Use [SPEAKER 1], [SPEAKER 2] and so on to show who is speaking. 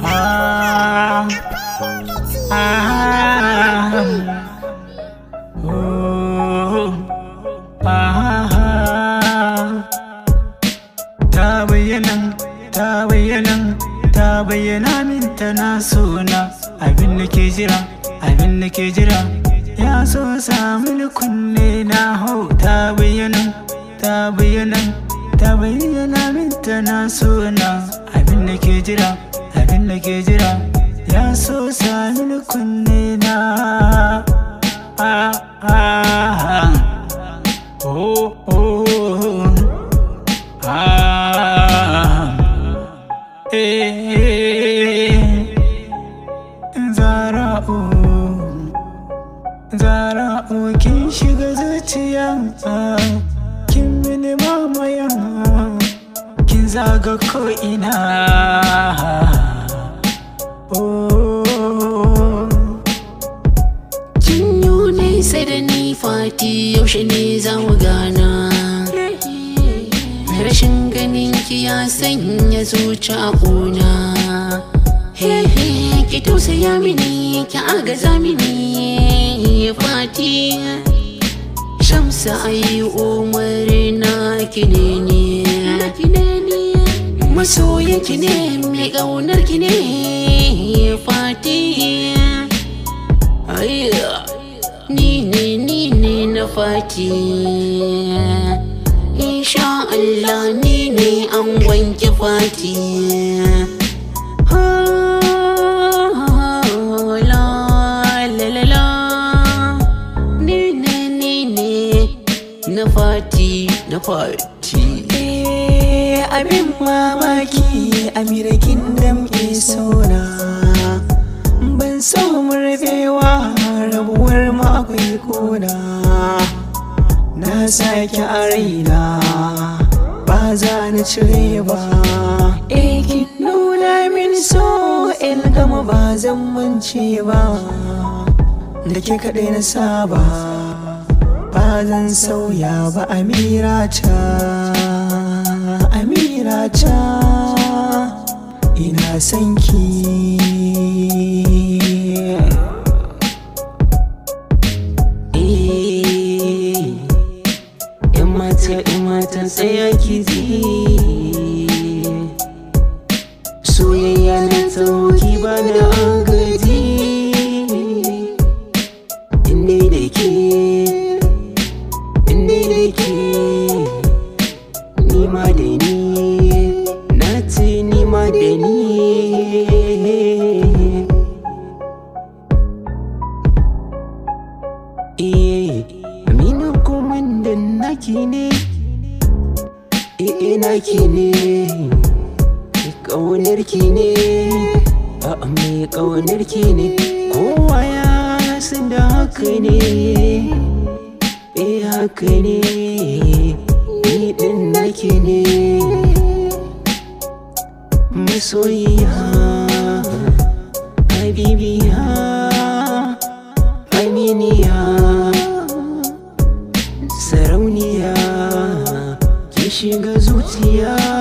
[SPEAKER 1] Ta bayyana, ta bayyana, ta bayyana min tana suna abin da ke jira, abin da ke jira. Ya so samun kunne na hau ta bayyana, ta bayyana, ta bayyana min tana suna abin da ke jira. abin da ke jira ya so sani kunne na ah, ah, ah. Oh, oh, ah, eh, eh, eh. kin shiga zuciya kin mini mamaya, kin zaga
[SPEAKER 2] ko'ina. ki ya sanya zuci a ƙuna hehe ki tausaya mini ki agaza mini fati shamsa ayi umarina ki ne ne masoyin ki ne mai ƙaunar ki ne fati ni ne ni ne na fati Allah ni ne an wanke fati na fati na fati eh abin
[SPEAKER 3] mamaki amirakin damke sona ban so murbewa rabuwar makwai kona na sake a raina ba za cire ba Eki eh, nuna min so in gama ba zan mance ba Da ke kaɗai na saba Ba zan sauya ba amira ta Amira ta Ina sanki
[SPEAKER 4] mata mata tsaya kizi soyayya na tsawo ki ba da agaji inda da ke inda da ke nima da ni na ce nima da ni Yeah. wannan naki ne eh, naki ne kaunar ki ne a mai kaunar ki ne kowa ya san da haka ne e, haka ne ni din naki ne masoyiya habibiya aminiya Kişi göz utia